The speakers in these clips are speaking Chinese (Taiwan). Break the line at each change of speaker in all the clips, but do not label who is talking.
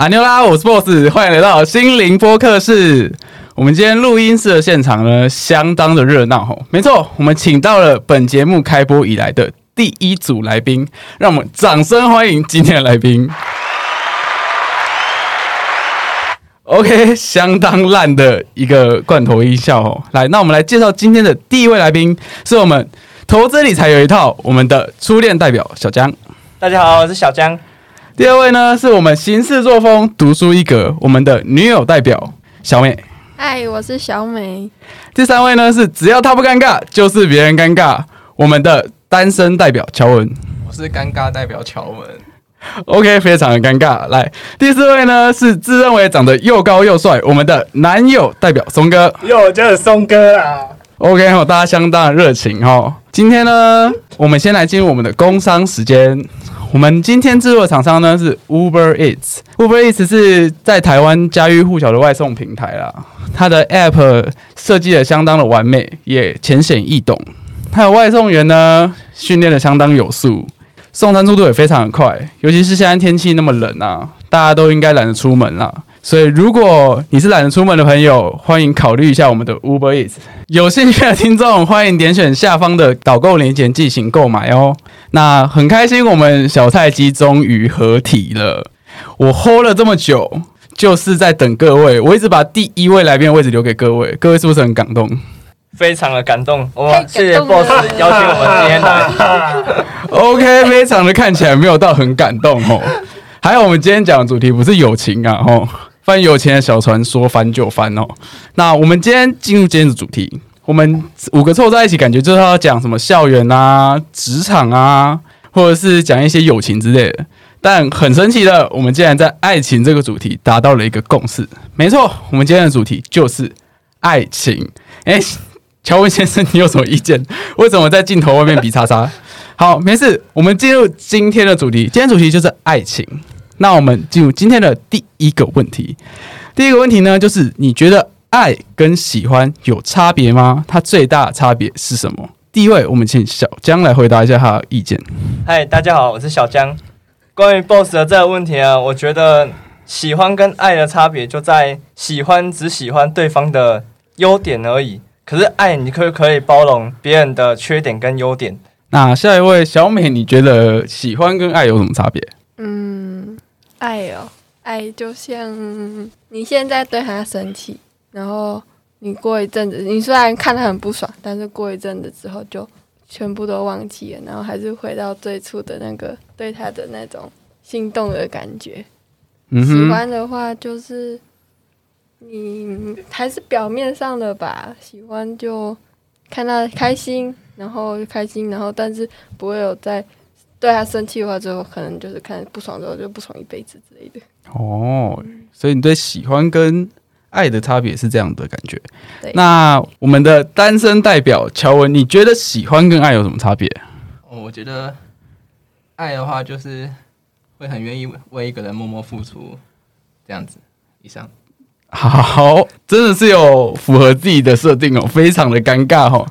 阿牛啦，我是 Boss，歡迎來到心靈播客室。我們今天錄音室的現場呢，相當的熱鬧吼，沒錯，我們請到了本節目開播以來的第一組來賓，讓我們掌聲歡迎今天的來賓。 OK，相當爛的一個罐頭音效哦。來，那我們來介紹今天的第一位來賓，是我們投資理財有一套，我們的初戀代表小江。
大家好，我是小江。第二
位呢，是我們行事作風獨樹一格，我們的女友代表小鎂。
嗨，我是小鎂。
第三位呢是只要她不尷尬，就是別人尷尬，我們的單身代表喬文。
我是尷尬代表喬文。
OK，非常的尷尬。來，第四位呢是自認為長得又高又帥，我們的男友代表崧哥。喲，就是崧哥啊。OK，大家相當熱情。今天呢，我們先來進入我們的工商時間。我們今天製作的廠商呢是、e、Uber Eats，Uber Eats 是在台灣家喻戶曉的外送平台啦。它的 App 設計的相當的完美，也淺顯易懂。它的外送員呢訓練的相當有素，送餐速度也非常的快。尤其是現在天氣那麼冷啊，大家都應該懶得出門了、啊。所以，如果你是懶得出門的朋友，歡迎考慮一下我們的 Uber Eats。有興趣的聽眾，歡迎點選下方的導購鏈接進行購買哦。那很開心，我們小菜雞終於合體了。我 hold 了這麼久，就是在等各位。我一直把第一位來賓的位置留給各位，各位是不是很感動？
非常的感動。我謝謝 Boss 邀請我們今天來。 OK，
非常的看起來沒有到很感動哦。還有，我們今天講的主題不是友情啊，吼。關於有錢的小船說翻就翻哦。那我們今天進入今天的主題，我們五個湊在一起，感覺就是要講什麼校園啊、職場啊，或者是講一些友情之類的。但很神奇的，我們竟然在愛情這個主題達到了一個共識。沒錯，我們今天的主題就是愛情。誒，喬文先生，你有什麼意見？為什麼在鏡頭外面比叉叉？好，沒事，我們進入今天的主題。今天的主題就是愛情。那我們進入今天的第一個問題。第一個問題呢，就是你覺得愛跟喜歡有差別嗎？它最大的差別是什麼？第一位，我們請小江來回答一下他的意見。
嗨，大家好，我是小江。關於 Boss 的這個問題啊，我覺得喜歡跟愛的差別就在喜歡只喜歡對方的優點而已，可是愛你可以可以包容別人的缺點跟優點。
那下一位小鎂，你覺得喜歡跟愛有什麼差別？嗯。
愛哦，愛就像你現在對他生氣，然後你過一陣子，你雖然看他很不爽，但是過一陣子之後就全部都忘記了，然後還是回到最初的那個對他的那種心動的感覺。嗯、哼喜歡的話就是你還是表面上的吧，喜歡就看他開心，然後開心，然後但是不會有在。對他，啊，生氣的話，就可能就是看不爽，之後就不爽一輩子之類的。
哦，所以你對喜歡跟愛的差別是這樣的感覺？對。那我們的單身代表喬文，你覺得喜歡跟愛有什麼差別？
哦，我覺得愛的話就是會很願意為一個人默默付出，這樣子以上。
好，好，真的是有符合自己的設定哦，非常的尷尬哦。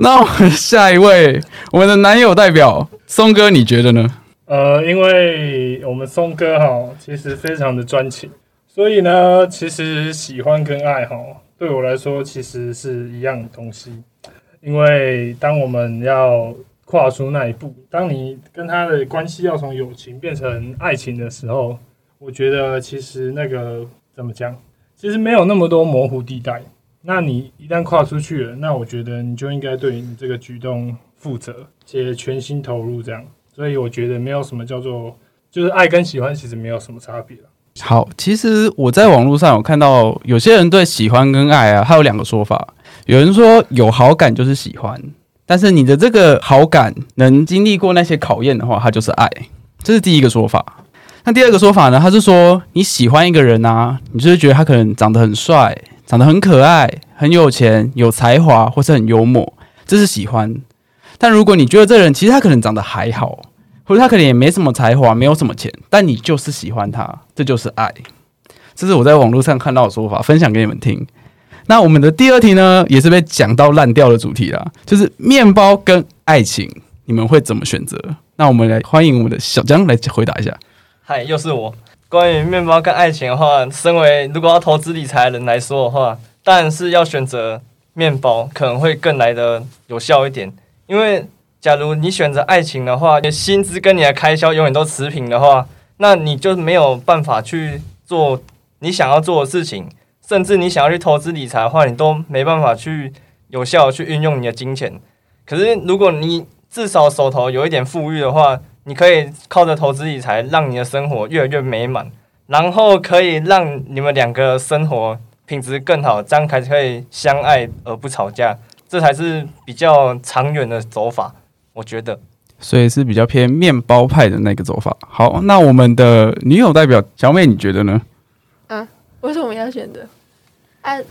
那我們下一位，我們的男友代表崧哥，你覺得呢？
呃，因為我們崧哥哈，其實非常的專情，所以呢，其實喜歡跟愛好對我來說，其實是一樣的東西。因為當我們要跨出那一步，當你跟他的關係要從友情變成愛情的時候，我覺得其實那個怎麼講，其實沒有那麼多模糊地帶。那你一旦跨出去了，那我覺得你就應該對你這個舉動負責，且全心投入這樣。所以我覺得沒有什麼叫做就是愛跟喜歡，其實沒有什麼差別了。
好，其實我在網絡上有看到有些人對喜歡跟愛啊，他有兩個說法。有人說有好感就是喜歡，但是你的這個好感能經歷過那些考驗的話，它就是愛，這是第一個說法。那第二個說法呢？他是說你喜歡一個人啊，你就會覺得他可能長得很帥。長得很可愛，很有錢，有才華，或是很幽默，這是喜歡。但如果你覺得這人其實他可能長得還好，或者他可能也沒什麼才華，沒有什麼錢，但你就是喜歡他，這就是愛。這是我在網絡上看到的說法，分享給你們聽。那我們的第二題呢，也是被講到爛掉的主題啦，就是面包跟愛情，你們會怎麼選擇？那我們來歡迎我們的小江來回答一下。
嗨，又是我。關於麵包跟愛情的話，身為如果要投資理財的人來說的話，但是要選擇麵包，可能會更來的有效一點。因為假如你選擇愛情的話，薪資跟你的開銷永遠都持平的話，那你就沒有辦法去做你想要做的事情，甚至你想要去投資理財的話，你都沒辦法去有效的去運用你的金錢。可是如果你至少手頭有一點富裕的話，你可以靠着投資理財，讓你的生活越來越美滿，然後可以讓你們兩個生活品質更好，這樣才可以相愛而不吵架，這才是比較長遠的走法，我覺得。
所以是比較偏麵包派的那個走法。好，那我們的女友代表小鎂，你覺得呢？
啊，為什麼要選擇？愛、啊、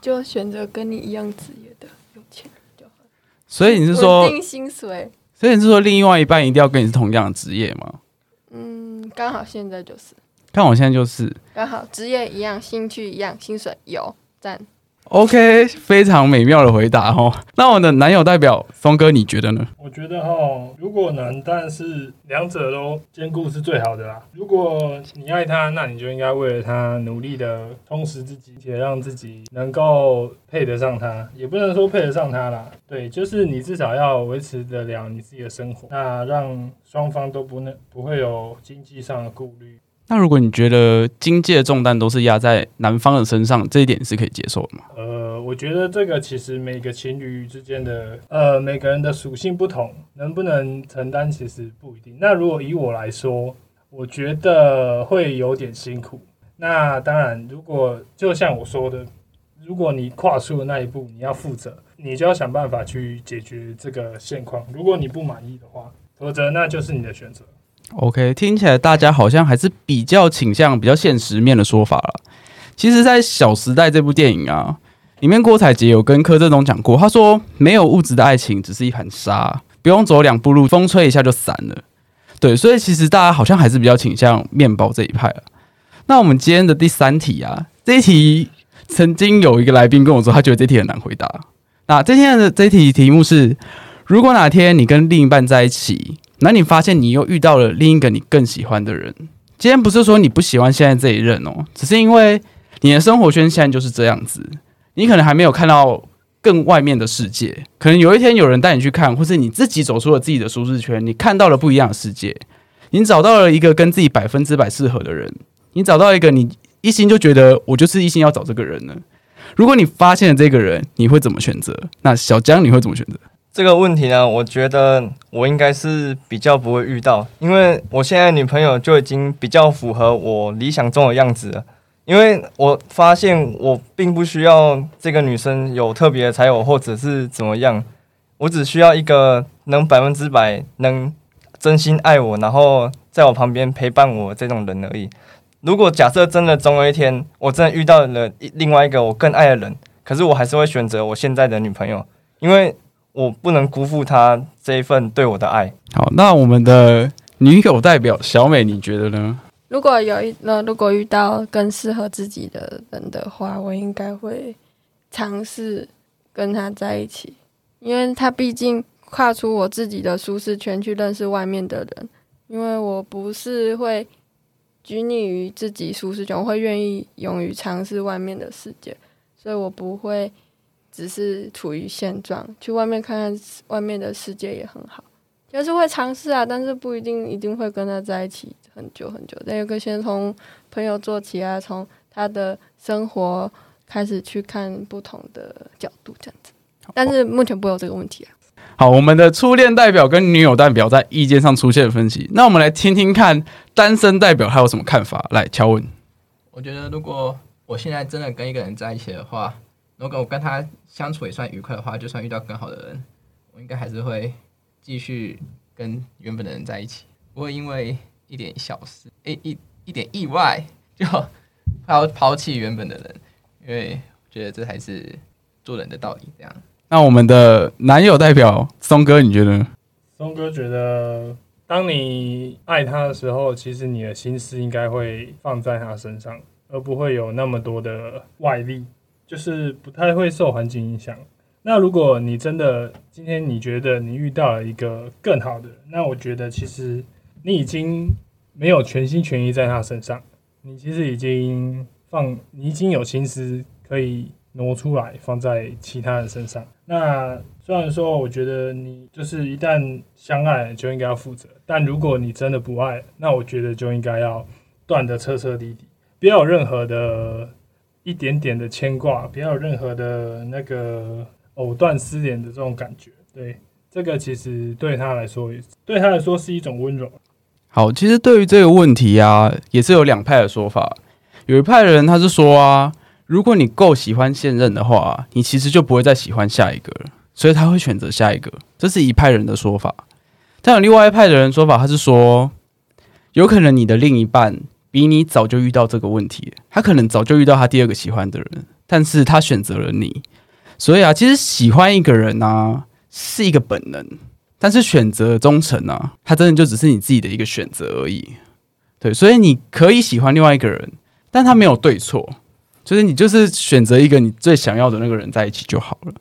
就選擇跟你一樣職業的
有錢人就好，所以你是說定薪水。所以你是說，另外一半一定要跟你是同樣的職業嗎？嗯，
剛好現在就是。
看我現在就是，
剛好職業一樣，興趣一樣，薪水有贊。
OK，非常美妙的回答哦。那我的男友代表崧哥，你覺得呢？
我覺得哈，如果能，但是兩者都兼顧是最好的啦。如果你愛他，那你就應該為了他努力的充實自己，且讓自己能夠配得上他，也不能說配得上他啦。對，就是你至少要維持得了你自己的生活，那讓雙方都不能不會有經濟上的顧慮。
那如果你覺得經濟的重擔都是壓在男方的身上，這一點是可以接受的嗎？
呃，我覺得這個其實每個情侶之間的，呃，每個人的屬性不同，能不能承擔其實不一定。那如果以我來說，我覺得會有點辛苦。那當然，如果就像我說的，如果你跨出了那一步，你要負責，你就要想辦法去解決這個現況。如果你不滿意的話，否則那就是你的選擇。
OK，聽起來大家好像還是比較傾向比較現實面的說法了。其實，在《小時代》這部電影啊，裡面郭采潔有跟柯震東講過，他說：“沒有物質的愛情只是一盤沙，不用走兩步路，風吹一下就散了。”對，所以其實大家好像還是比較傾向麵包這一派了。那我們今天的第三題啊，這一題曾經有一個來賓跟我說，他覺得這一題很難回答。那今天的這題題目是：如果哪天你跟另一半在一起，那你發現你又遇到了另一個你更喜歡的人。今天不是說你不喜歡現在這一任哦，只是因為你的生活圈現在就是這樣子。你可能還沒有看到更外面的世界，可能有一天有人帶你去看，或是你自己走出了自己的舒適圈，你看到了不一樣的世界，你找到了一個跟自己百分之百適合的人，你找到一個你一心就覺得我就是一心要找這個人呢。如果你發現了這個人，你會怎麼選擇？那小江，你會怎麼選擇？
這個問題呢，我覺得我應該是比較不會遇到，因為我現在的女朋友就已經比較符合我理想中的樣子了。因為我發現我並不需要這個女生有特別的才有，或者是怎麼樣，我只需要一個能百分之百能真心愛我，然後在我旁邊陪伴我這種人而已。如果假設真的總有一天，我真的遇到了另外一個我更愛的人，可是我還是會選擇我現在的女朋友，因為。我不能辜負他這一份對我的愛。
好，那我們的女友代表小鎂，你覺得呢？
如果有一，那如果遇到更適合自己的人的話，我應該會嘗試跟他在一起，因為他畢竟跨出我自己的舒適圈去認識外面的人。因為我不是會拘泥於自己舒適圈，我會願意勇於嘗試外面的世界，所以我不會。只是處於現狀，去外面看看外面的世界也很好，就是會嘗試啊，但是不一定一定會跟他在一起很久很久。那也可以先從朋友做起啊，從他的生活開始去看不同的角度這樣子。好吧。但是目前不會有這個問題啊。
好，我們的初戀代表跟女友代表在意見上出現分歧，那我們來聽聽看單身代表還有什麼看法。來，喬文，
我覺得如果我現在真的跟一個人在一起的話。如果我跟他相處也算愉快的話，就算遇到更好的人，我應該還是會繼續跟原本的人在一起，不會因為一點小事、欸、一一一點意外就還要拋棄原本的人，因為我覺得這才是做人的道理。這樣，
那我們的男友代表崧哥，你覺得呢？
崧哥覺得，當你愛他的時候，其實你的心思應該會放在他身上，而不會有那麼多的外力。就是不太會受環境影響。那如果你真的今天你覺得你遇到了一個更好的，那我覺得其實你已經沒有全心全意在他身上，你其實已經放，你已經有心思可以挪出來放在其他人身上。那雖然說我覺得你就是一旦相愛就應該要負責，但如果你真的不愛，那我覺得就應該要斷得徹徹底底，不要有任何的。一點點的牽掛，不要有任何的那個藕斷絲連的這種感覺。對，這個其實對他來說也是，對他來說是一種溫柔。
好，其實對於這個問題啊，也是有兩派的說法。有一派的人他是說啊，如果你夠喜歡現任的話，你其實就不會再喜歡下一個，所以他會選擇下一個，這是一派人的說法。但有另外一派的人說法，他是說，有可能你的另一半。比你早就遇到這個問題，他可能早就遇到他第二個喜歡的人，但是他選擇了你，所以啊，其實喜歡一個人呢、啊、是一個本能，但是選擇忠誠呢、啊，他真的就只是你自己的一個選擇而已，對，所以你可以喜歡另外一個人，但他沒有對錯，就是你就是選擇一個你最想要的那個人在一起就好了。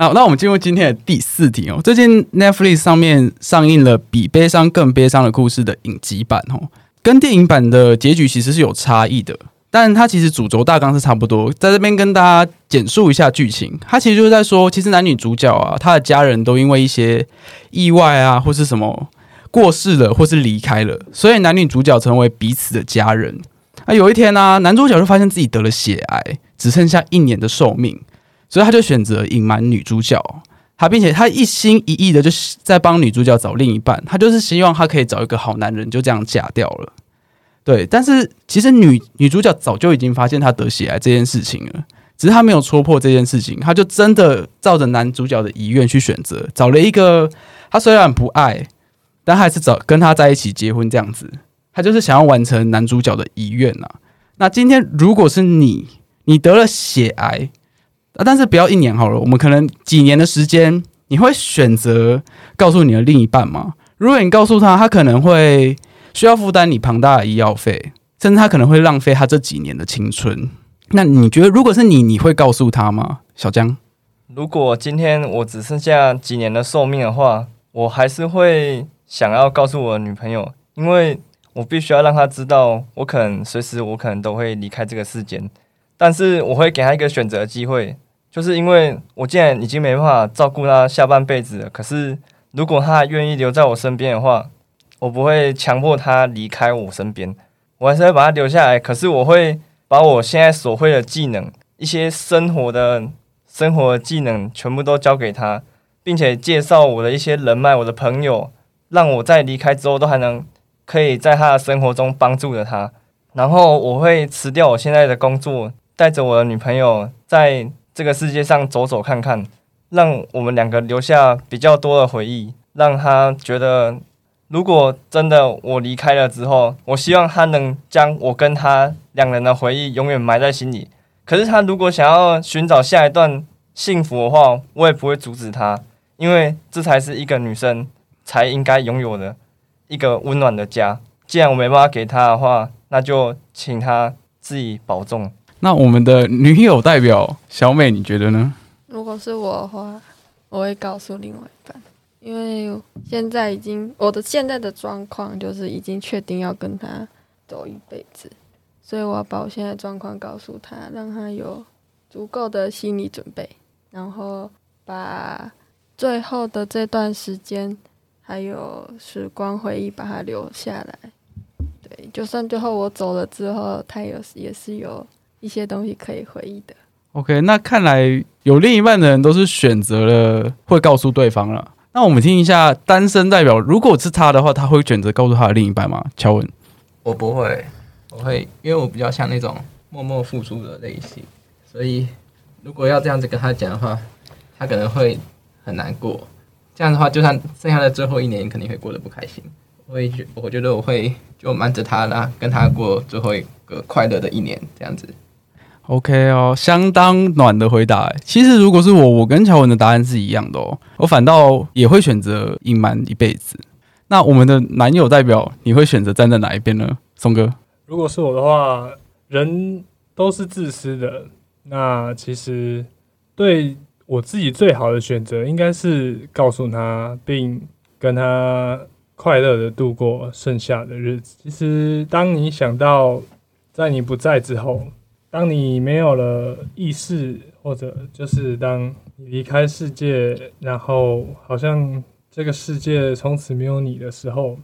好，那我們進入今天的第四題哦，最近 Netflix 上面上映了《比悲傷更悲傷的故事》的影集版哦。跟電影版的結局其實是有差異的，但它其實主軸大綱是差不多。在這邊跟大家簡述一下劇情，它其實就是在說，其實男女主角啊，他的家人都因為一些意外啊，或是什麼過世了，或是離開了，所以男女主角成為彼此的家人。啊，有一天呢，啊，男主角就發現自己得了血癌，只剩下一年的壽命，所以他就選擇隱瞞女主角，他並且他一心一意的就在幫女主角找另一半，他就是希望他可以找一個好男人，就這樣嫁掉了。對，但是其實女女主角早就已經發現她得血癌這件事情了，只是她沒有戳破這件事情，她就真的照着男主角的遺願去選擇，找了一個她雖然不愛，但還是找跟他在一起結婚這樣子，她就是想要完成男主角的遺願啊。那今天如果是你，你得了血癌，啊、但是不要一年好了，我們可能幾年的時間，你會選擇告訴你的另一半嗎？如果你告訴他，他可能會。需要負擔你龐大的醫藥費，甚至他可能會浪費他這幾年的青春。那你覺得，如果是你，你會告訴他嗎，小江？
如果今天我只剩下幾年的壽命的話，我還是會想要告訴我女朋友，因為我必須要讓她知道，我可能隨時我可能都會離開這個世間。但是我會給她一個選擇機會，就是因為我既然已經沒辦法照顧她下半輩子了，可是如果她願意留在我身邊的話。我不會強迫他離開我身邊，我還是會把他留下來。可是我會把我現在所會的技能、一些生活的、生活的技能全部都教給他，並且介紹我的一些人脈、我的朋友，讓我在離開之後都還能可以在他的生活中幫助着他。然後我會辭掉我現在的工作，帶着我的女朋友在這個世界上走走看看，讓我們兩個留下比較多的回憶，讓他覺得。如果真的我離開了之後，我希望她能將我跟她兩人的回憶永遠埋在心裡。可是她如果想要尋找下一段幸福的話，我也不會阻止她，因為這才是一個女生才應該擁有的一個溫暖的家。既然我沒辦法給她的話，那就請她自己保重。
那我們的女友代表小鎂，你覺得呢？
如果是我的話，我會告訴另外一半。因為現在已經我的現在的狀況就是已經確定要跟他走一輩子，所以我要把我現在狀況告訴他，讓他有足夠的心理準備，然後把最後的這段時間還有時光回憶把它留下來。對，就算最後我走了之後，他有也是有一些東西可以回憶的。
OK，那看來有另一半的人都是選擇了會告訴對方了。那我們聽一下單身代表，如果是他的話，他會選擇告訴他的另一半嗎？喬文，
我
不會，我會，因為我比較像那種默默付出的類型，所以如果要這樣子跟他講的話，他可能會很難過。這樣的話，就算剩下的最後一年肯定會過得不開心。我會，我覺得我會就瞞着他啦，跟他過最後一個快樂的一年，這樣子。
OK 哦，相當暖的回答。其實如果是我，我跟喬文的答案是一樣的哦。我反倒也會選擇隱瞞一輩子。那我們的男友代表，你會選擇站在哪一邊呢，崧哥？
如果是我的話，人都是自私的。那其實對我自己最好的選擇，應該是告訴他，並跟他快樂的度過剩下的日子。其實當你想到在你不在之後，當你沒有了意識，或者就是當你離開世界，然後好像這個世界從此沒有你的時候，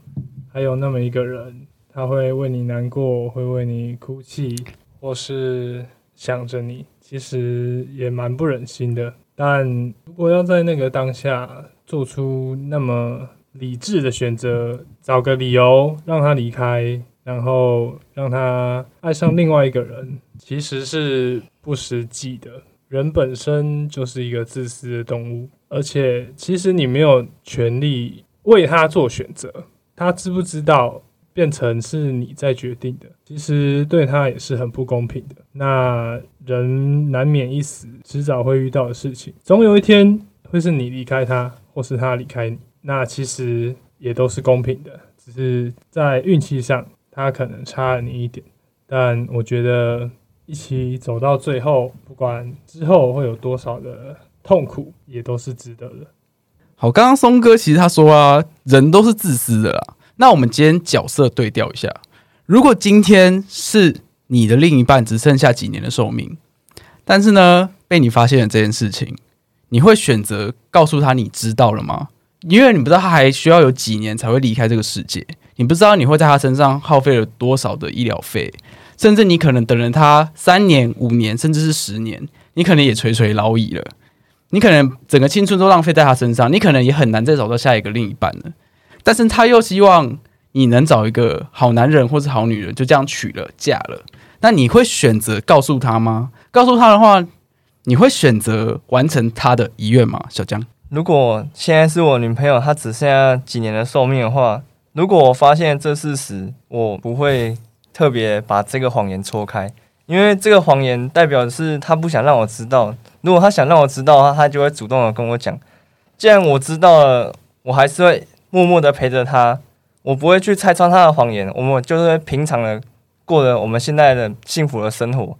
還有那麼一個人，他會為你難過，會為你哭泣，或是想着你，其實也蠻不忍心的。但如果要在那個當下做出那麼理智的選擇，找個理由讓他離開。然後讓他愛上另外一個人，其實是不實際的。人本身就是一個自私的動物，而且其實你沒有權利為他做選擇。他知不知道變成是你在決定的，其實對他也是很不公平的。那人難免一死，遲早會遇到的事情，總有一天會是你離開他，或是他離開你。那其實也都是公平的，只是在運氣上。他可能差了你一點，但我覺得一起走到最後，不管之後會有多少的痛苦，也都是值得的。
好，剛剛崧哥其實他說啊，人都是自私的啦。那我們今天角色對調一下，如果今天是你的另一半只剩下幾年的壽命，但是呢被你發現了這件事情，你會選擇告訴他你知道了嗎？因為你不知道他還需要有幾年才會離開這個世界。你不知道你會在他身上耗費了多少的醫療費，甚至你可能等了他三年、五年，甚至是十年，你可能也垂垂老矣了。你可能整個青春都浪費在他身上，你可能也很難再找到下一個另一半了。但是他又希望你能找一個好男人或是好女人，就這樣娶了嫁了。那你會選擇告訴他嗎？告訴他的話，你會選擇完成他的遺願嗎？小江，
如果現在是我女朋友，她只剩下幾年的壽命的話。如果我發現這事實，我不會特別把這個謊言戳開，因為這個謊言代表的是他不想讓我知道。如果他想讓我知道的話，他就會主動的跟我講。既然我知道了，我還是會默默的陪着他，我不會去拆穿他的謊言。我們就是平常的，過了我們現在的幸福的生活，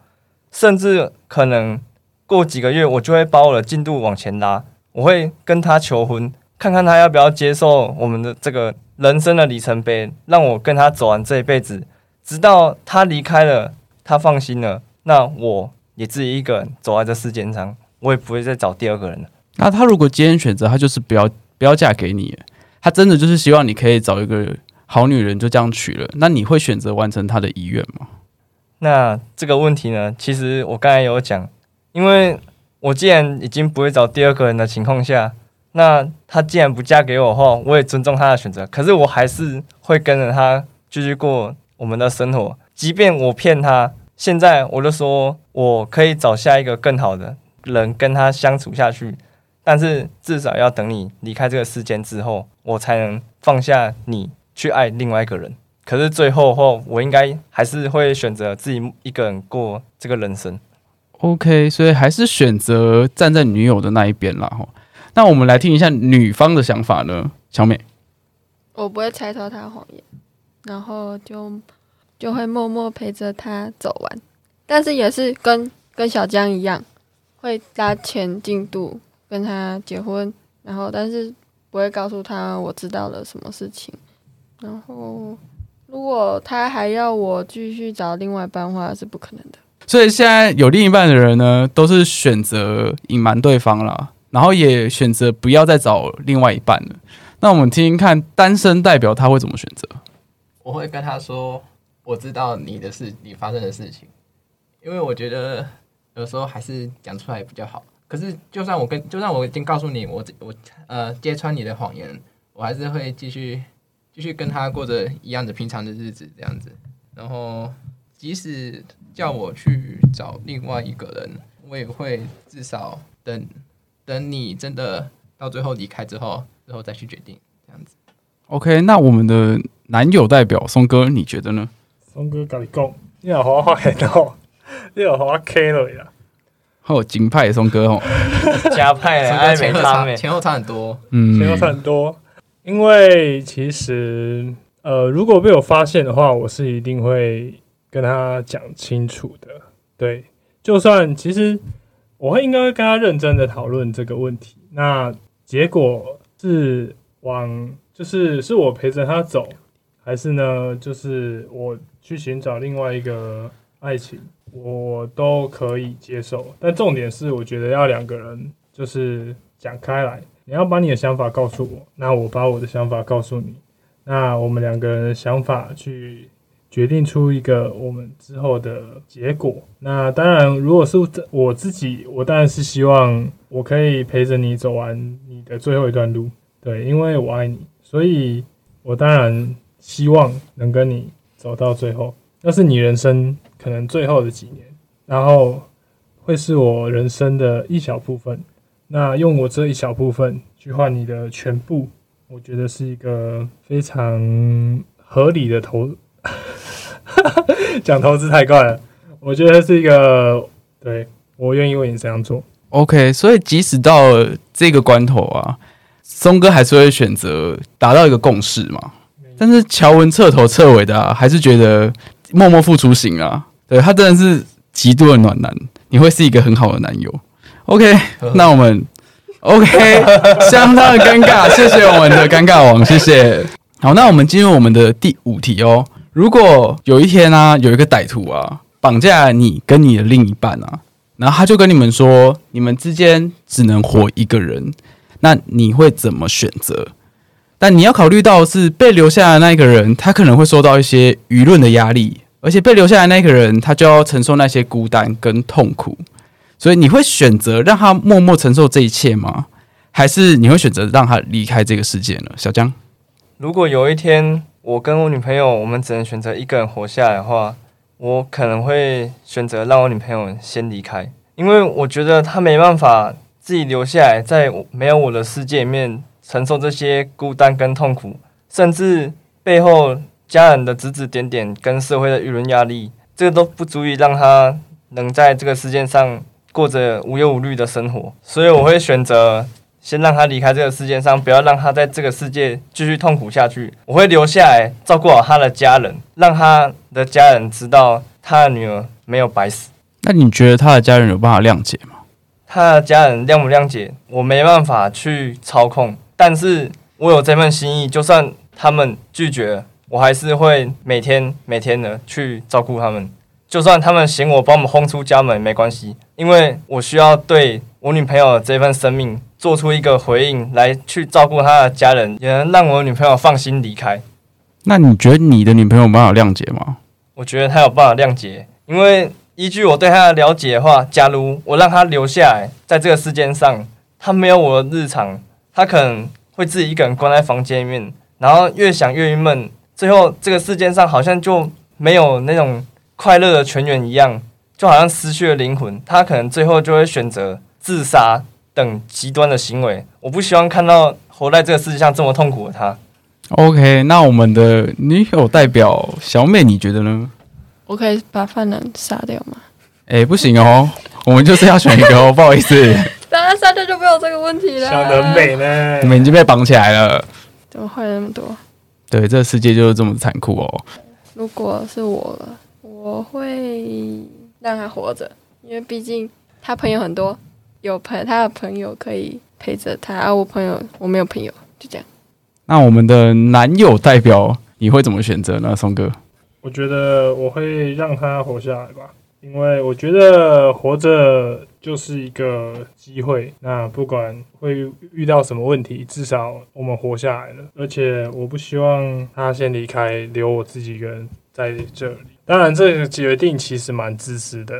甚至可能過幾個月，我就會把我的進度往前拉，我會跟他求婚，看看他要不要接受我們的這個人生的里程碑，讓我跟他走完這一輩子，直到他離開了，他放心了，那我也自己一個人走在這世間上，我也不會再找第二個人了。
那他如果今天選擇，他就是不要不要嫁給你，他真的就是希望你可以找一個好女人就這樣娶了。那你會選擇完成他的遺願嗎？
那這個問題呢，其實我剛才有講，因為我既然已經不會找第二個人的情況下。那他既然不嫁給我後，我也尊重他的選擇。可是我還是會跟着他繼續過我們的生活，即便我騙他。現在我就說，我可以找下一個更好的人跟他相處下去。但是至少要等你離開這個世間之後，我才能放下你去愛另外一個人。可是最後後，我應該還是會選擇自己一個人過這個人生。
OK，所以還是選擇站在女友的那一邊了。那我們來聽一下女方的想法呢，小鎂。
我不會拆穿她的謊言，然後就就會默默陪着她走完。但是也是跟跟小江一樣，會拉前進度跟他結婚，然後但是不會告訴他我知道了什麼事情。然後如果他還要我繼續找另外一半的話，是不可能的。
所以現在有另一半的人呢，都是選擇隱瞞對方啦。然後也選擇不要再找另外一半了。那我們聽聽看，單身代表他會怎麼選擇？
我會跟他說：“我知道你的事，你發生的事情。因為我覺得有時候還是講出來比較好。可是，就算我跟，就算我已經告訴你，我我呃揭穿你的謊言，我還是會繼續繼續跟他過着一樣的平常的日子，這樣子。然後，即使叫我去找另外一個人，我也會至少等。”等你真的到最後離開之後，然後再去決定這樣
子。OK，那我們的男友代表崧哥，你覺得呢？
崧哥跟你講、哦，你好好花，然後你好花 K 了呀。
哦，警派的崧哥哦，
加 派的，愛美湯，前後差
很多，嗯，前後差很多。因為其實，呃，如果被我發現的話，我是一定會跟他講清楚的。對，就算其實。我會應該跟他認真的討論這個問題。那結果是往就是是我陪着他走，還是呢就是我去尋找另外一個愛情，我都可以接受。但重點是，我覺得要兩個人就是講開來，你要把你的想法告訴我，那我把我的想法告訴你，那我們兩個人想法去。決定出一個我們之後的結果。那當然，如果是我自己，我當然是希望我可以陪着你走完你的最後一段路，對，因為我愛你，所以我當然希望能跟你走到最後。那是你人生可能最後的幾年，然後會是我人生的一小部分。那用我這一小部分去換你的全部，我覺得是一個非常合理的投講 投資太快了，我覺得是一個對，我願意為你這樣做。
OK，所以即使到了這個關頭啊，崧哥還是會選擇達到一個共識嘛。但是喬文徹頭徹尾的、啊、還是覺得默默付出型啊，對他真的是極度的暖男，你會是一個很好的男友。OK，那我們 OK，相當的尷尬，謝謝我們的尷尬王，謝謝。好，那我們進入我們的第五題哦。如果有一天呢、啊，有一個歹徒啊綁架你跟你的另一半啊，然後他就跟你們說，你們之間只能活一個人，那你會怎麼選擇？但你要考慮到是被留下來的那個人，他可能會受到一些輿論的壓力，而且被留下來那個人他就要承受那些孤單跟痛苦，所以你會選擇讓他默默承受這一切嗎？還是你會選擇讓他離開這個世界呢？小江，
如果有一天。我跟我女朋友，我們只能選擇一個人活下來的話，我可能會選擇讓我女朋友先離開，因為我覺得她沒辦法自己留下來在，在沒有我的世界裡面承受這些孤單跟痛苦，甚至背後家人的指指點點跟社會的輿論壓力，這個都不足以讓她能在這個世界上過着無憂無慮的生活，所以我會選擇。先讓他離開這個世界上，不要讓他在這個世界繼續痛苦下去。我會留下來照顧好他的家人，讓他的家人知道他的女兒沒有白死。
那你覺得他的家人有辦法諒解嗎？
他的家人諒不諒解，我沒辦法去操控，但是我有這份心意。就算他們拒絕，我還是會每天每天的去照顧他們。就算他們嫌我把我們轟出家門，沒關係，因為我需要對我女朋友的這份生命，做出一個回應，來去照顧他的家人，也能讓我的女朋友放心離開。
那你覺得你的女朋友有辦法諒解嗎？
我覺得她有辦法諒解，因為依據我對她的了解的話，假如我讓她留下來在這個世間上，她沒有我的日常，她可能會自己一個人關在房間裡面，然後越想越鬱悶，最後這個世間上好像就沒有那種快樂的泉源一樣，就好像失去了靈魂，她可能最後就會選擇自殺。等極端的行為，我不希望看到活在這個世界上這麼痛苦的他。
OK，那我們的女友代表小鎂，你覺得呢？
我可以把犯人殺掉嗎？
哎、欸，不行哦， 我們就是要選一個，哦。 不好意思。
當然殺掉就沒有這個問題了。想得美
呢，
你們已經被綁起來了。
怎麼會那麼多？
對，這個世界就是這麼殘酷哦。
如果是我了，我會讓他活着，因為畢竟他朋友很多。有朋他的朋友可以陪着他，而、啊、我朋友我沒有朋友，就這樣。
那我們的男友代表你會怎麼選擇呢，崧哥？
我覺得我會讓他活下來吧，因為我覺得活着就是一個機會。那不管會遇到什麼問題，至少我們活下來了。而且我不希望他先離開，留我自己一個人在這裡。當然，這個決定其實蠻自私的。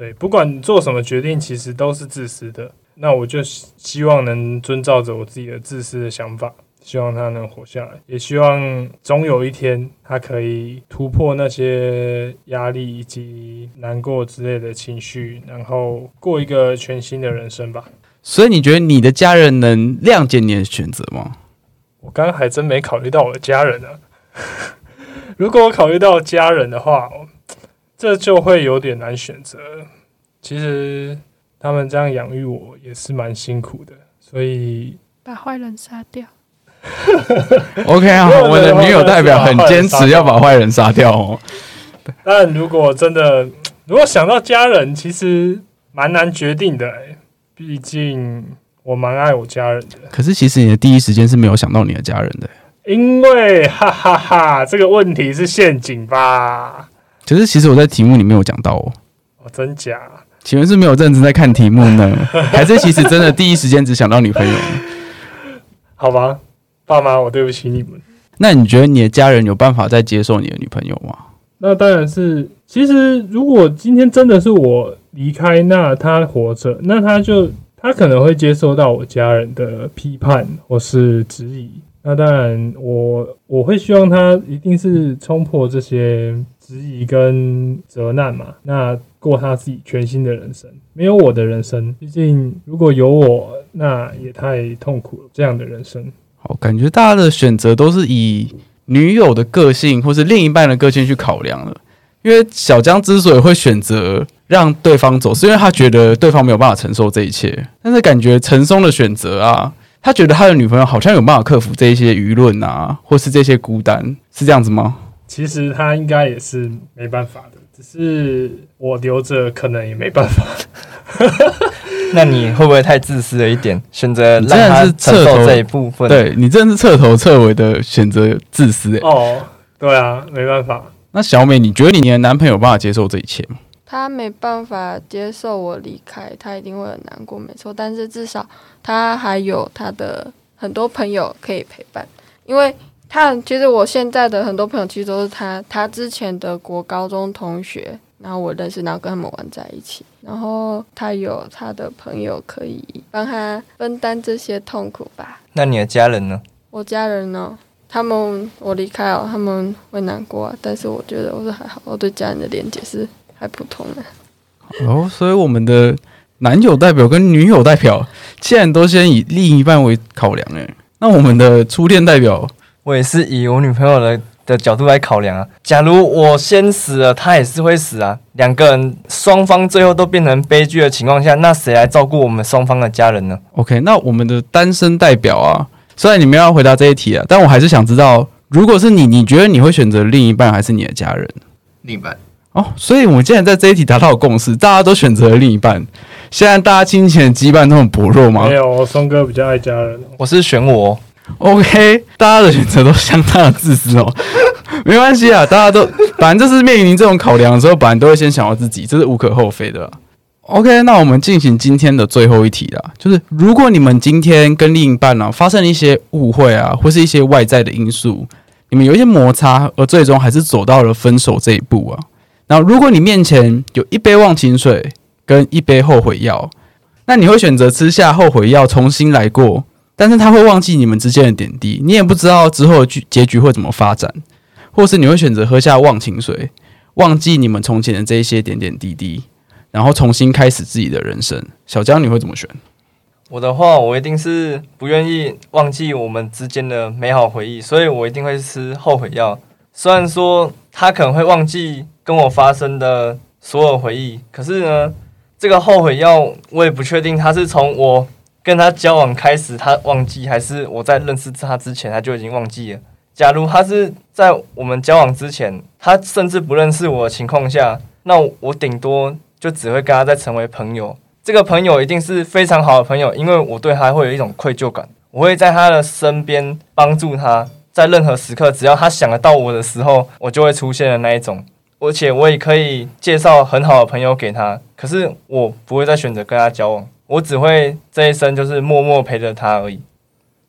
對，不管你做什麼決定，其實都是自私的。那我就希望能遵照着我自己的自私的想法，希望他能活下來，也希望總有一天他可以突破那些壓力以及難過之類的情緒，然後過一個全新的人生吧。
所以你覺得你的家人能諒解你的選擇嗎？我剛
剛還真沒考慮到我的家人啊。 如果我考慮到家人的話，這就會有點難選擇。其實他們這樣養育我也是蠻辛苦的，所以
把壞人殺掉。
OK 啊， 對對，我的女友代表很堅持要把壞人殺掉哦。
但如果真的，如果想到家人，其實蠻難決定的欸。哎，畢竟我蠻愛我家人的。
可是，其實你的第一時間是沒有想到你的家人的。
因為哈哈哈哈，這個問題是陷阱吧。
其實，其實我在題目裡沒有講到哦。哦，真假？請問是沒有認真在看題目呢，還是其實真的第一時間只想到女朋友？
好吧，爸媽，我對不起你們。
那你覺得你的家人有辦法再接受你的女朋友嗎？
那當然是，其實如果今天真的是我離開，那他活着，那他就他可能會接受到我家人的批判或是質疑。那當然我，我我會希望他一定是衝破這些。質疑跟責難嘛，那過他自己全新的人生，沒有我的人生。畢竟如果有我，那也太痛苦了，這樣的人生。
好，感覺大家的選擇都是以女友的個性或是另一半的個性去考量，了。因為小江之所以會選擇讓對方走，是因為他覺得對方沒有辦法承受這一切。但是感覺陳松的選擇啊，他覺得他的女朋友好像有辦法克服這一些輿論啊，或是這些孤單，是這樣子嗎？
其實他應該也是沒辦法的，只是我留着可能也沒辦法
的。 那你會不會太自私了一點，選擇讓他承受這一部分？你對你真是徹
頭徹尾的選擇自私哦、欸。Oh,
對啊，沒辦法。
那小美，你覺得你的男朋友有辦法接受這一切嗎？
他沒辦法接受我離開，他一定會很難過，沒錯。但是至少他還有他的很多朋友可以陪伴，因為。他其實我現在的很多朋友其實都是他，他之前的國高中同學，然後我認識，然後跟他們玩在一起，然後他有他的朋友可以幫他分擔這些痛苦吧。
那你的家人呢？
我家人呢？哦，他們我離開了、哦，他們會難過、啊，但是我覺得我是還好，我對家人的連接是還普通的、
啊。哦，所以我們的男友代表跟女友代表，既然都先以另一半為考量，哎，那我們的初戀
代表。我也是以我女朋友的的角度來考量啊。假如我先死了，她也是會死啊。兩個人雙方最後都變成悲劇的情況下，那誰來照顧我們雙方的家人呢
？OK，那我們的單身代表啊，雖然你沒有要回答這一題啊，但我還是想知道，如果是你，你覺得你會選擇另一半還是你的家人？
另一半
哦，所以我們既然在這一題達到共識，大家都選擇了另一半。現在大家親情羈絆都很薄弱嗎？沒
有，崧哥比較愛家人，
我是選我。OK，大家的選擇都相當的自私哦、喔。 沒關係啊，大家都反正就是面臨這種考量的時候，反正都會先想到自己，這是無可厚非的。OK，那我們進行今天的最後一題啦，就是如果你們今天跟另一半呢、啊、發生一些誤會啊，或是一些外在的因素，你們有一些摩擦，而最終還是走到了分手這一步啊。那如果你面前有一杯忘情水跟一杯後悔藥，那你會選擇吃下後悔藥重新來過？但是他會忘記你們之間的點滴，你也不知道之後結結局會怎麼發展，或是你會選擇喝下忘情水，忘記你們從前的這一些點點滴滴，然後重新開始自己的人生。小江，你會怎麼選？
我的話，我一定是不願意忘記我們之間的美好回憶，所以我一定會吃後悔藥。雖然說他可能會忘記跟我發生的所有回憶，可是呢，這個後悔藥我也不確定他是從我。跟他交往開始，他忘記還是我在認識他之前，他就已經忘記了。假如他是在我們交往之前，他甚至不認識我的情況下，那我頂多就只會跟他再成為朋友。這個朋友一定是非常好的朋友，因為我對他會有一種愧疚感，我會在他的身邊幫助他，在任何時刻，只要他想得到我的時候，我就會出現的那一種。而且我也可以介紹很好的朋友給他，可是我不會再選擇跟他交往。我只會這一生就是默默陪着他而已。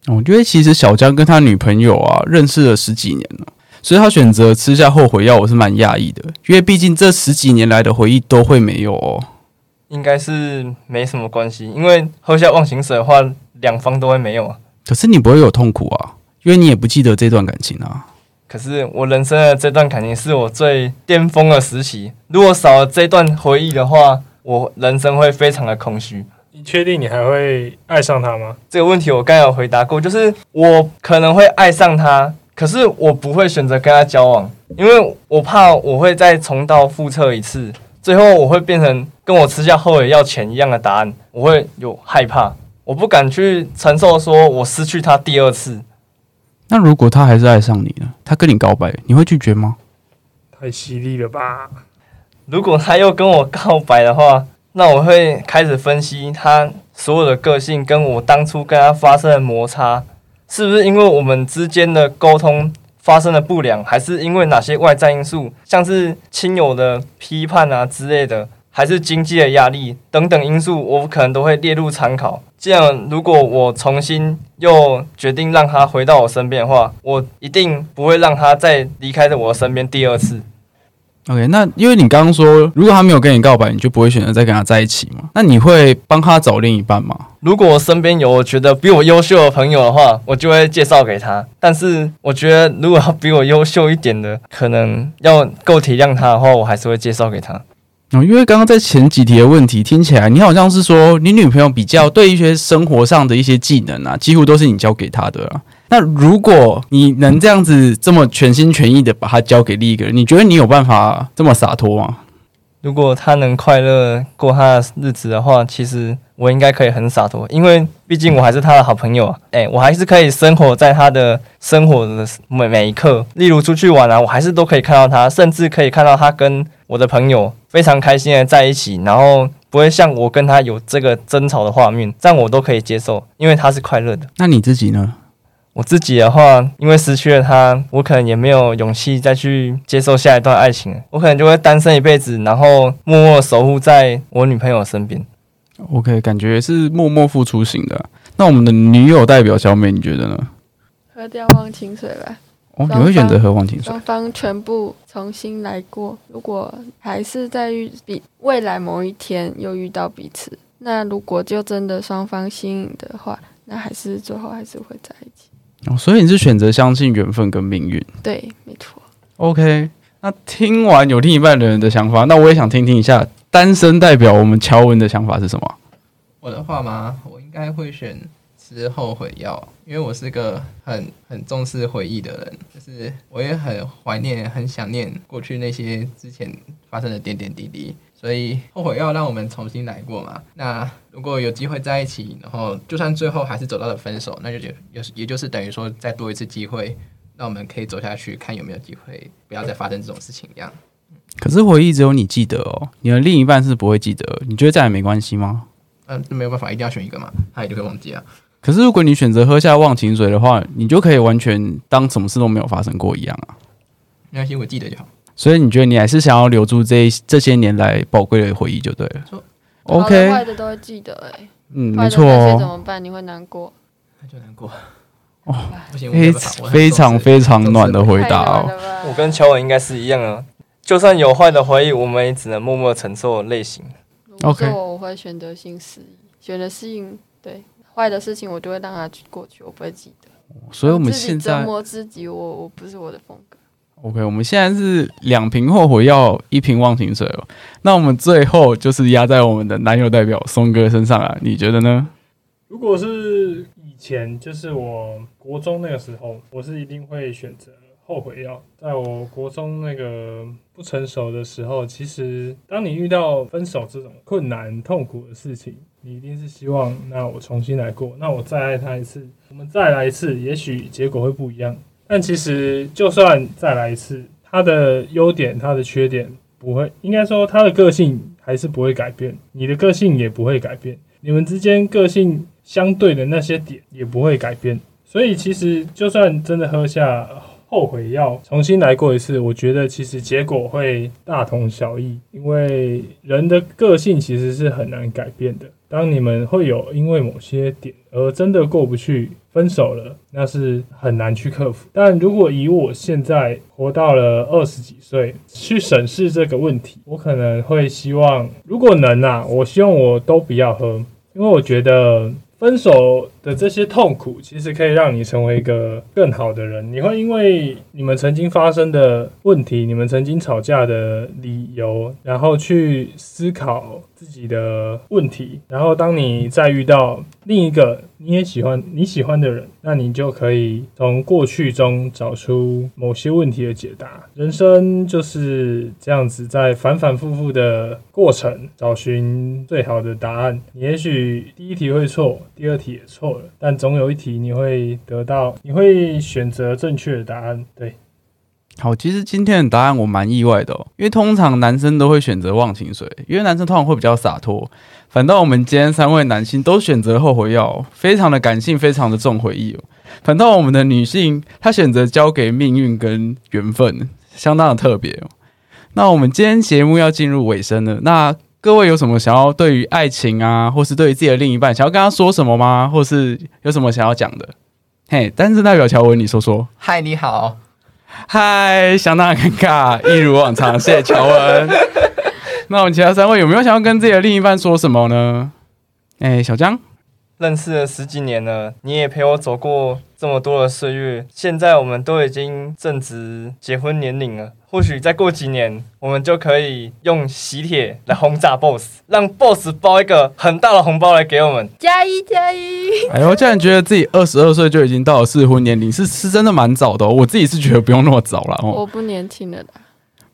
因為其實小江跟他女朋友啊認識了十幾年了，所以他選擇吃下後悔藥，我是蠻訝異的。因為畢竟這十幾年來的回憶都會沒有哦。
應該是沒什麼關係，因為喝下忘情水的話，兩方都會沒有啊。
可是你不會有痛苦啊，因為你也不記得這段感情啊。
可是我人生的這段感情是我最巔峰的時期，如果少了這段回憶的話，我人生會非常的空虛。你確定你還會愛上他嗎？這個問題我剛有回答過，就是我可能會愛上他，可是我不會選擇跟他交往，因為我怕我會再重蹈覆轍一次，最後我會變成跟我吃下後悔藥前一樣的答案。我會有害怕，我不敢去承受，說我失去他第二次。
那如果他還是愛上你了，他跟你告白，你會拒絕嗎？
太犀利了吧！如果他又跟我告白的話。那我會開始分析他所有的個性，跟我當初跟他發生的摩擦，是不是因為我們之間的溝通發生了不良，還是因為哪些外在因素，像是親友的批判啊之類的，還是經濟的壓力等等因素，我可能都會列入參考。這樣如果我重新又決定讓他回到我身邊的話，我一定不會讓他再離開在我的身邊第二次。
OK，那因為你剛剛說，如果他沒有跟你告白，你就不會選擇再跟他在一起嘛。那你會幫他找
另一半嗎？如果我身邊有我覺得比我優秀的朋友的話，我就會介紹給他。但是我覺得，如果他比我優秀一點的，可能要夠體諒他的話，我還是會介紹給他。
哦，因為剛剛在前幾題的問題聽起來，你好像是說，你女朋友比較對一些生活上的一些技能啊，幾乎都是你教給她的啦、啊那如果你能這樣子這麼全心全意的把他交給另一個人，你覺得你有辦法這麼灑脫嗎？
如果他能快樂過他的日子的話，其實我應該可以很灑脫，因為畢竟我還是他的好朋友啊。哎、欸，我還是可以生活在他的生活的每每一刻，例如出去玩啊，我還是都可以看到他，甚至可以看到他跟我的朋友非常開心的在一起，然後不會像我跟他有這個爭吵的畫面，這樣我都可以接受，因為他是快樂的。
那你自己呢？
我自己的話，因為失去了他，我可能也沒有勇氣再去接受下一段愛情了。我可能就會單身一輩子，然後默默守護在我女朋友身邊。
OK，感覺是默默付出型的、啊。那我們的女友代表小鎂，你覺得呢？
喝掉忘情水吧。哦，你會選擇喝忘情水？雙方全部重新來過。如果還是在遇比未來某一天又遇到彼此，那如果就真的雙方心儀的話，那還是最後還是會在一起。
哦，所以你是選擇相信緣分跟命運？
對，沒錯。
OK，那聽完有另一半人的想法，那我也想聽聽一下單身代表我們喬文的想法是什麼？
我的
話嗎？我應該會選吃後悔藥，因為我是個很很重視回憶的人，就是我也很懷念、很想念過去那些之前發生的點點滴滴。所以後悔藥讓我們重新來過嘛。那如果有機會在一起，然後就算最後還是走到了分手，那就也也也就是等於說再多一次機會，那我們可以走下去，看有沒有機會不要再發生這種事情一樣。
可是回憶只有你記得哦，你的另一半是不會記得。你覺得這樣也沒關係嗎？
嗯，沒有辦法，一定要選一個嘛，他也就會忘記啊。
可是如果你選擇喝下忘情水的話，你就可以完全當什麼事都沒有發生過一樣啊。
沒關係，我記得就好。
所以你覺得你還是想要留住這這些年來寶貴的回憶就對
了。錯，OK，好的壞的都會記得哎。嗯，沒錯哦。那些怎麼辦？你會難過？那就難過。哦，非
非常非常暖的回答哦。
我跟喬文應該是一樣啊。就算有壞的回憶，我們也只能默默承受類型。
OK，我會選擇性失憶，選擇適應。對，壞的事情我就會讓它過去，我不會記得。所以我們現在折磨自己，我我不是我的風格。
OK，我們現在是兩瓶後悔藥，一瓶忘情水了。那我們最後就是壓在我們的男友代表崧哥身上了。你覺得呢？
如果是以前，就是我國中那個時候，我是一定會選擇後悔藥。在我國中那個不成熟的時候，其實當你遇到分手這種困難、痛苦的事情，你一定是希望，那我重新來過，那我再愛他一次，我們再來一次，也許結果會不一樣。但其實，就算再來一次，他的優點、他的缺點不會，應該說他的個性還是不會改變，你的個性也不會改變，你們之間個性相對的那些點也不會改變，所以其實就算真的喝下。後悔藥重新來過一次，我覺得其實結果會大同小異，因為人的個性其實是很難改變的。當你們會有因為某些點而真的過不去，分手了，那是很難去克服。但如果以我現在活到了二十幾歲去審視這個問題，我可能會希望，如果能啊，我希望我都不要喝，因為我覺得分手，的這些痛苦，其實可以讓你成為一個更好的人。你會因為你們曾經發生的問題，你們曾經吵架的理由，然後去思考自己的問題。然後當你再遇到另一個你也喜歡你喜歡的人，那你就可以從過去中找出某些問題的解答。人生就是這樣子，在反反复复的過程找尋最好的答案。你也許第一題會錯，第二題也錯。但總有一題你會得到，你會選擇正確的答案。對，
好，其實今天的答案我蠻意外的哦，因為通常男生都會選擇忘情水，因為男生通常會比較灑脫。反倒我們今天三位男性都選擇後悔藥，非常的感性，非常的重回憶哦。反倒我們的女性她選擇交給命運跟緣分，相當的特別哦。那我們今天節目要進入尾聲了，那。各位有什麼想要對於愛情啊，或是對於自己的另一半想要跟他說什麼嗎？或是有什麼想要講的？嘿、hey，單身代表喬文，你說說。
嗨，你好，
嗨，相當的尷尬，一如往常， 謝謝喬文。 那我們其他三位有沒有想要跟自己的另一半說什麼呢？誒、hey，小
江，認識了十幾年了，你也陪我走過這麼多的歲月，現在我們都已經正值結婚年齡了。或許再過幾年，我們就可以用喜帖來轟炸 boss，讓 boss 包一個很大的紅包來給我們。
加一加一。哎呦，
竟然覺得自己二十二歲就已經到了適婚年齡，是是真的蠻早的哦。我自己是覺得不用那麼早啦。我
不年輕了啦。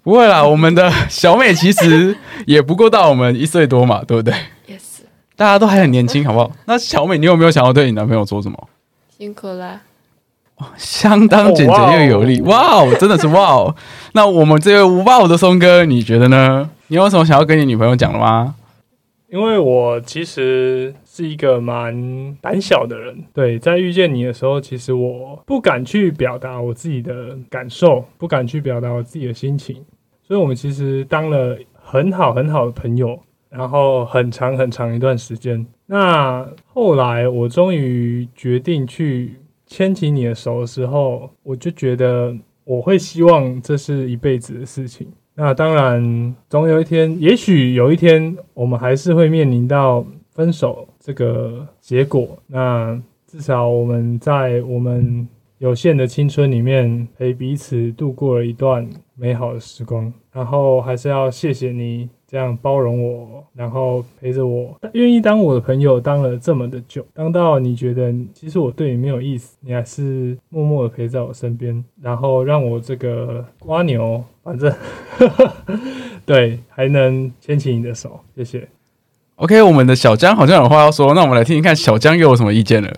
不會啦，我們的小美其實也不夠大，我們一歲多嘛， 對不對 Yes 大家都還很年輕，好不好？那小美，你有沒有想要對你男朋友說什麼？
辛苦啦。
相當簡潔又有力，哇哦，真的是哇、wow、哦！ 那我們這位五八五的崧哥，你覺得呢？你有什麼想要跟你女朋友講的嗎？
因為我其實是一個蠻膽小的人，對，在遇見你的時候，其實我不敢去表達我自己的感受，不敢去表達我自己的心情，所以我們其實當了很好很好的朋友，然後很長很長一段時間。那後來我終於決定去。牽起你的手的時候，我就覺得我會希望這是一輩子的事情。那當然，總有一天，也許有一天，我們還是會面臨到分手這個結果。那至少我們在我們有限的青春裡面，陪彼此度過了一段美好的時光。然後還是要謝謝你。這樣包容我，然後陪着我，願意當我的朋友，當了這麼的久，當到你覺得其實我對你沒有意思，你還是默默的陪在我身邊，然後讓我這個蝸牛，反正呵呵，
對，還能牽起你的手，謝謝。
OK，我們的小江好像有話要說，那我們來聽聽看，小江又有什麼意見了。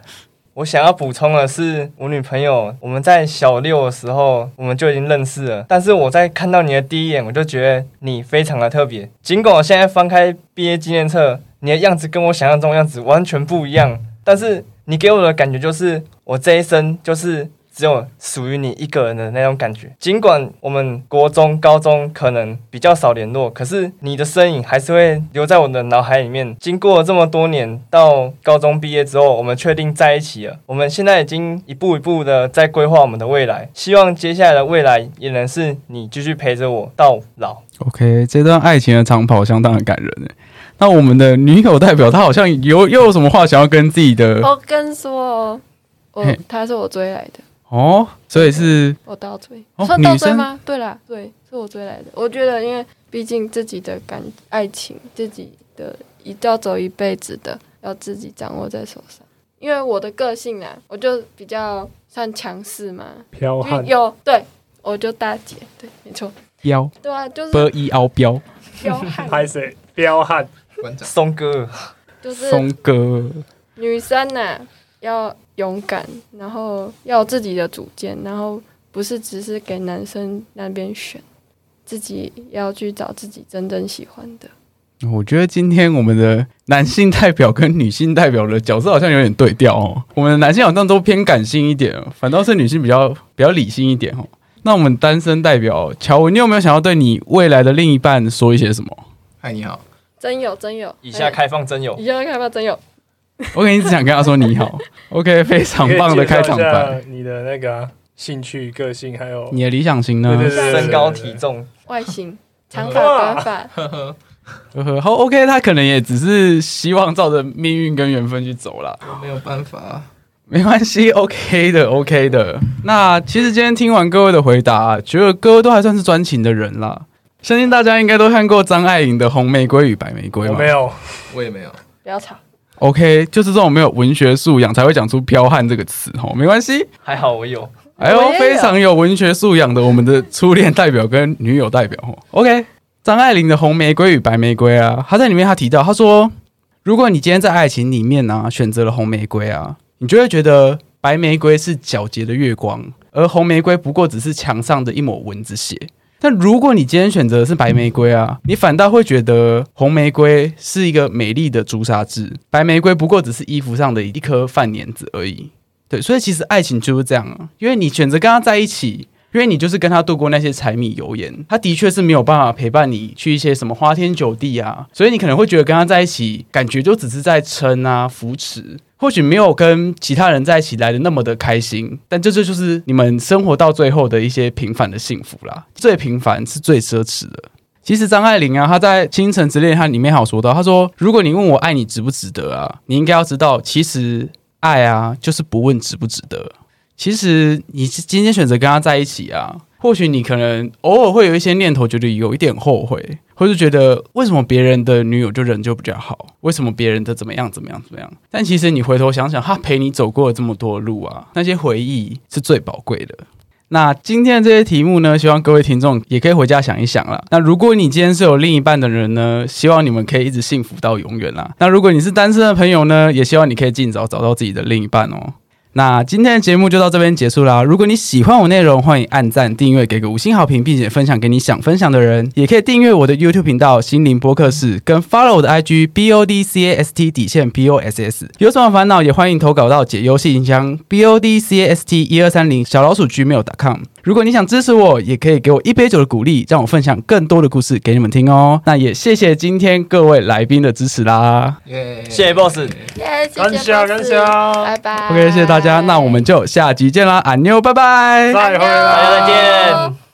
我想要補充的是，我女朋友，我們在小六的時候，我們就已經認識了。但是我在看到你的第一眼，我就覺得你非常的特別。儘管我現在翻開畢業紀念冊，你的樣子跟我想象中的樣子完全不一樣，但是你給我的感覺就是，我這一生就是。只有屬於你一個人的那種感覺。儘管我們國中、高中可能比較少聯絡，可是你的身影還是會留在我的腦海裡面。經過這麼多年，到高中畢業之後，我們確定在一起了。我們現在已經一步一步的在規劃我們的未來，希望接下來的未來也能是你繼續陪着我到老。
OK，這段愛情的長跑相當的感人耶。那我們的女友代表，她好像有又有什麼話想要跟自己的？我
跟說，哦嘿她是我追來的。
哦，oh,
所以是 okay,
我倒追，哦、算倒追嗎？生對啦，對，是我追來的。我覺得，因為畢竟自己的感愛情，自己的一定要走一輩子的，要自己掌握在手上。因為我的個性呢、啊，我就比較算強勢嘛，彪悍汗。有對，我就大姐，對，沒錯，
彪飄。對啊，就是 B I O 彪，彪
悍汗，彪悍，彪悍，崧 哥，就
是崧
哥。
女生呢、啊，要，勇敢，然後要自己的主見，然後不是只是給男生那邊選，自己要去找自己真正喜歡的。
我覺得今天我們的男性代表跟女性代表的角色好像有點對調哦。我們的男性好像都偏感性一點哦，反倒是女性比較比較理性一點哦。那我們單身代表喬文，你有沒有想要對你未來的另一半說一些什麼？
嗨，你好。
真有，真有。以下開放，真有。哎，以下開放，真有。
我肯定只想跟他說你好。 OK，非常棒的開場白。
你，你的那個、啊、
興
趣、個性，還有你的理想型呢？身高、體重、
外形型、長髮短髮。
呵呵呵呵。好，OK，他可能也只是希望照着命運跟緣分去走啦。
我沒有辦法，
沒關係，OK 的，OK 的。那其實今天聽完各位的回答、啊，覺得各位都還算是專情的人啦。相信大家應該都看過張愛玲的《紅玫瑰與白玫瑰》吧？沒
有，我也沒有。不要吵。
OK，就是這種沒有文學素養才會講出“彪悍”這個詞哦，沒關係，
還好我有。哎呦，非
常有文學素養的，我們的初戀代表跟女友代表哦。OK，張愛玲的《紅玫瑰與白玫瑰》啊，她在裡面她提到，她說：“如果你今天在愛情裡面呢、啊，選擇了紅玫瑰啊，你就會覺得白玫瑰是皎潔的月光，而紅玫瑰不過只是牆上的一抹蚊子血。”但如果你今天選擇的是白玫瑰啊，你反倒會覺得紅玫瑰是一個美麗的朱砂痣，白玫瑰不過只是衣服上的一顆飯粘子而已。對，所以其實愛情就是這樣啊，因為你選擇跟他在一起，因為你就是跟他度過那些柴米油鹽，他的確是沒有辦法陪伴你去一些什麼花天酒地啊，所以你可能會覺得跟他在一起，感覺就只是在撐啊，扶持。或許沒有跟其他人在一起來得那麼的開心，但這這就是你們生活到最後的一些平凡的幸福啦。最平凡是最奢侈的。其實張愛玲啊，她在《傾城之戀》她裡面還有說到，她說：“如果你問我愛你值不值得啊，你應該要知道，其實愛啊，就是不問值不值得。其實你今天選擇跟他在一起啊，或許你可能偶爾會有一些念頭，覺得有一點後悔。”或是覺得為什麼別人的女友就人就比較好？為什麼別人的怎麼樣怎麼樣怎麼樣？但其實你回頭想想，他、啊、陪你走過了這麼多路啊，那些回憶是最寶貴的。那今天的這些題目呢，希望各位聽眾也可以回家想一想啦。那如果你今天是有另一半的人呢，希望你們可以一直幸福到永遠啦。那如果你是單身的朋友呢，也希望你可以盡早找到自己的另一半哦。那今天的節目就到這邊結束啦。如果你喜歡我內容，歡迎按贊、訂閱，給個五星好評，並且分享給你想分享的人。也可以訂閱我的 YouTube 頻道“心靈播客室”，跟 Follow 我的 IG B O D C A S T 底線 B O S S。有什麼煩惱，也歡迎投稿到解憂信箱 B O D C A S T 一二三零小老鼠 Gmail.com。如果你想支持我，也可以給我一杯酒的鼓勵，讓我分享更多的故事給你們聽哦。那也謝謝今天各位來賓的支持啦
，yeah, 謝謝
Boss，yeah, 謝謝 Boss, 感謝，感謝，
拜拜。OK，謝謝大家，那我們就下集見啦，安妞，拜拜，再會！大家再見。
再見